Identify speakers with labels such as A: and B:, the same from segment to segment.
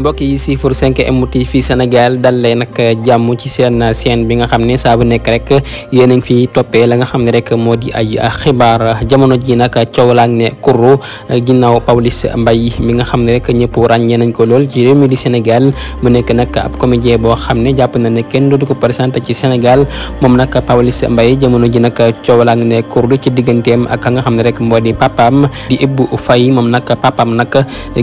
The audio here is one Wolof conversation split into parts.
A: mbokk yi siifur m m TV Sénégal dal leen jàmm ci seen chaîne bi nga xam ne saa bu nekk rek yéen a toppee la nga xam ne rek moo di ay xibaar jamono ji nag coow laa ne kurru ginnaaw Pawlish Mbaye mi nga xam ne rek ñëpp ràññee nañ ko lool ci réew mi di Sénégal mu nekk nag ab comédien boo xam ne jàpp na ne kenn du ko présenté ci Sénégal moom nag Pawlish Mbaye jamono ji nag coow laa ne kurru ci digganteem ak ka nga xam ne rek moo di papaam di Ibou Faye moom nag papaam nag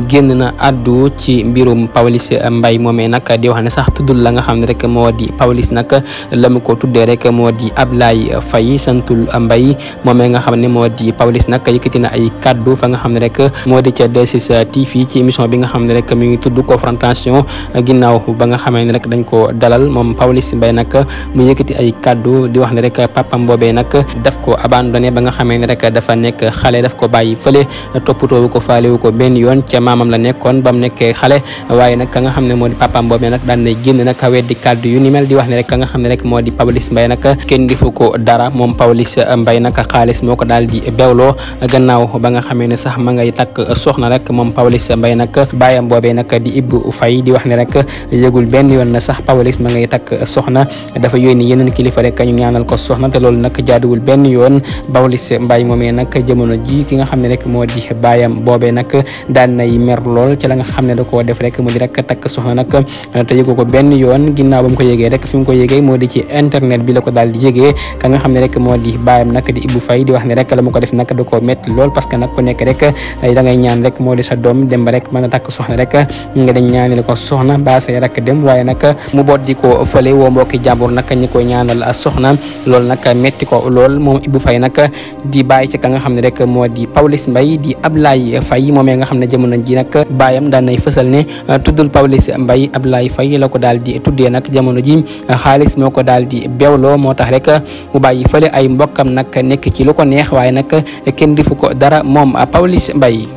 A: génn na addu ci mbirum Pawlish eh, Mbaye moomee nag di wax ne sax tuddul la nga xam ne rek moo di Pawlish nag la mu ko tuddee rek moo di Ablaye Faye santul Mbaye moomee nga xam ne moo di Pawlish nag yëkkati na ay kaddu fa nga xam ne rek moo di ca D6 TV ci émission bi nga xam ne rek mi ngi tudd confrontation eh, ginnaaw ba nga xamee ne rek dañ ko dalal moom Pawlish Mbaye nag mu yëkkati ay kaddu di wax ne rek papam boobee nag daf ko abandonné ba nga xamee ne rek dafa nekk xale daf ko bàyyi fële toppatoowu ko faalewu ko benn yoon ca maamam la nekkoon ba nekkee xale waaye nag ka nga xam ne moo di papaam boobee nag daan na génn nag weddi kàddu yu ni mel di wax ne rek ka nga xam ne rek moo di Pawlish Mbaye nag kenn defu ko dara moom Pawlish Mbaye nag xaalis moo ko daal di bewloo gannaaw ba nga xamee ne sax ma ngay takk soxna rek moom Pawlish Mbaye nag baayam boobee nag di Ibou Faye di wax ne rek yëgul benn yoon na sax Pawlish ma ngay takk soxna dafa yónni yeneen kilifa rek ñu ñaanal ko soxna te loolu nag jaaduwul benn yoon Pawlish Mbaye moomee nag jamono ji ki nga xam ne rek moo di baayam boobee nag daan nay mer lool ci la nga xam ne da koo def rek rek mu di rek takk soxna nag eh, yoon ginnaaw ba mu ko yëgee rek fi mu ko yëgee moo di ci internet bi la ko daal di jegee ka xam ne rek moo di baayam nag di Ibou Faye di wax ne rek la mu ko def nag da koo métti lool parce que nag ku eh, ngay ñaan rek moo di sa doom dem rek mën a takk soxna rek nga dem ñaanal ko soxna ba say rek dem waaye nag mu boot di ko fële woo mbokki jàmbur nag ñi koy ñaanal soxna loolu nag métti ko lool moom Ibou fay nag di bàyyi ci ka nga xam ne rek moo di Pawlish mbay di ab Ablaye Faye moomee nga xam ne jamono ji nag baayam daan nay fësal ne Euh, tuddul Pawlish Mbaye Ablaye Faye la ko daal di tuddee nag jamono ji xaalis moo ko daal di beewloo moo tax rek mu bàyyi fële ay mbokkam nag nekk ci lu ko neex waaye nag kenn defu ko dara moom Pawlish Mbaye